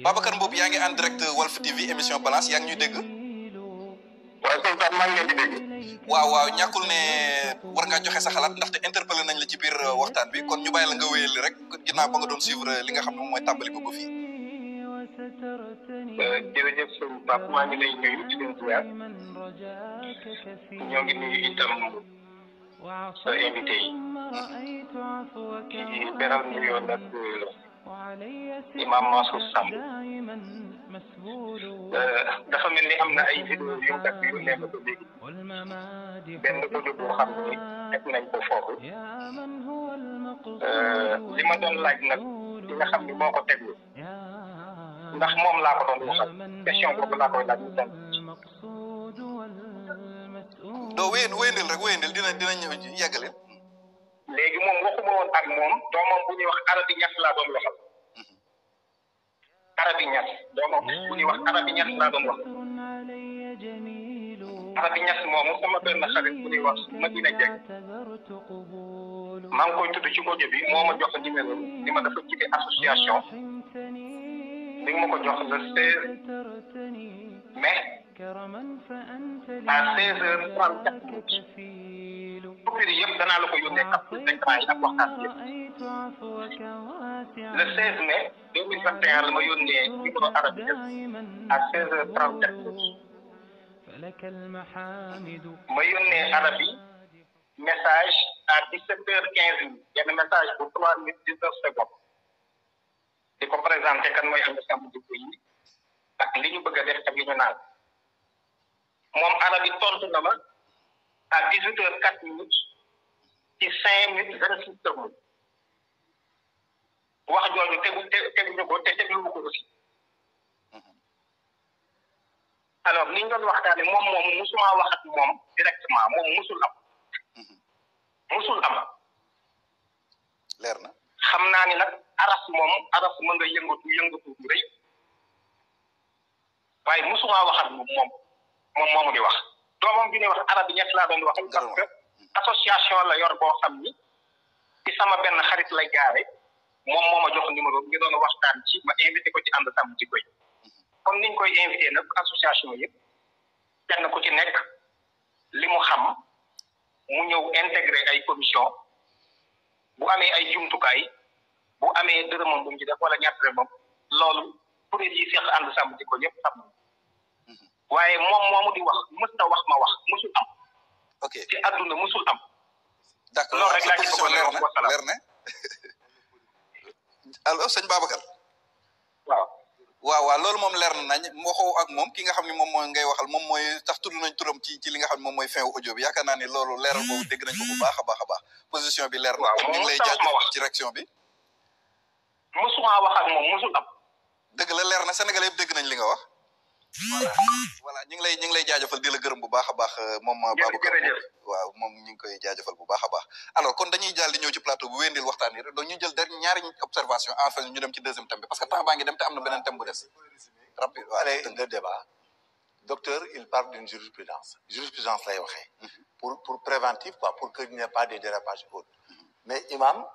Babacar Mboup yaa ngi en direct Walf TV émission balance yaa ngi ñuy dégg. waaw sëñ maa waaw waaw ñàkkul ne war ngaa joxe sa xalaat ndaxte interpellé nañ la ci biir waxtaan bi kon ñu bàyyi la nga wéyal rek ginnaaw ba nga doon suivre li nga xam ne moom mooy tàmbali ko ba euh, maa ngi lay nuyu di leen ziar ñoo ngi nuyu itam sa imaam Mansour Samb dafa mel ni am na ay vidéo yu kat yu nekk léegi xam ni def nañ li ma doon laaj nag li nga xam ni moo ko teglu ndax moom laa ko doon waxal question boobu laa koy laaj ñu doon. doo moom waxuma woon ak moom doomam bu ñuy wax Aradi Ñas laa doon waxal. Arabi Ñas doomam hmm. bu ñuy wax Arabi Ñas laa doon wax Arabi Ñas moomu sama benn xarit bu ñuy wax Madina Jeng maa ngi koy tudd ci audio bi moo ma jox numéro ni ma dafa jiite association bi nga ma ko jox le 16 mai à 16h34 copies yëpp danaa la ko yónnee capture d'écran yi ak waxtaan bi le 16 mai 2021 la ma yónnee numéro arabe à 16h34 ma yónnee arabe yi message à 17h15 benn message bu 3 minutes 19 secondes di ko présenté kan mooy am na yi ak li ñu bëgg a def ak li ñu naan moom arabe yi tontu na ma. a dix huit heures quatre minutes ci cinq minutes vingt six secondes wax jooju tegu teguñu ko te teguñu ko aussi alors ni ñu doon waxtaane moom moom musuma wax ak moom directement moom musul am musul am leer na xam naa ni nag aras moom aras mën nga yëngatu yëngatu bu rëy waaye musuma wax ak moom moom moom moomu wax doomam bi ñuy wax arab yi ñett laa doon wax parce que association la yor boo xam ni ci sama benn xarit la jaare moom moom ma jox numéro bi ñu doon waxtaan ci ma invité ko ci ànd sàmm jikko yi comme niñ koy invité nag association yëpp kenn ci nekk li mu xam mu ñëw intégré ay commission bu amee ay jumtukaay bu amee dërëmam bu mu ci def wala ñaar dërëmam loolu kuréel yi seq ànd sàmm jikko yëpp xam waaye moom moomu di wax mës na wax ma wax musul am. ok ci àdduna musul am. d'accord loolu rek laa gis ko leer na leer na alors sëñ Babacar. waaw. waaw waaw loolu moom leer nañ waxoo ak moom ki nga xam ne moom mooy ngay waxal moom mooy tax tudd nañ turam ci ci li nga xam ne moom mooy fin audio bi yaakaar naa loolu leeral boobu dégg nañ ko bu baax a position bi leer na. waaw moom lay jaajëfal direction bi. musuma wax ak moom musul am. dëgg la leer na Sénégal yëpp nañ li nga wax. voilà voilà ñu ngi lay ñu ngi lay jaajëfal di la gërëm bu baax a baax euh, moom euh, Babacar waaw moom ñu ngi koy jaajëfal bu baax a baax alors kon dañuy daal di ñëw ci plateau bu wéndil waxtaan yi rek donc ñu jël dernier ñaari observation en fait ñu dem ci deuxième thème bi parce que temps baa ngi dem te am na beneen thème bu des rapide waaw le débat docteur il parle d'une jurisprudence jurisprudence lay waxee mhm. pour pour préventif quoi pour que il n'y ait pas de dérapage autre mhm. mais imam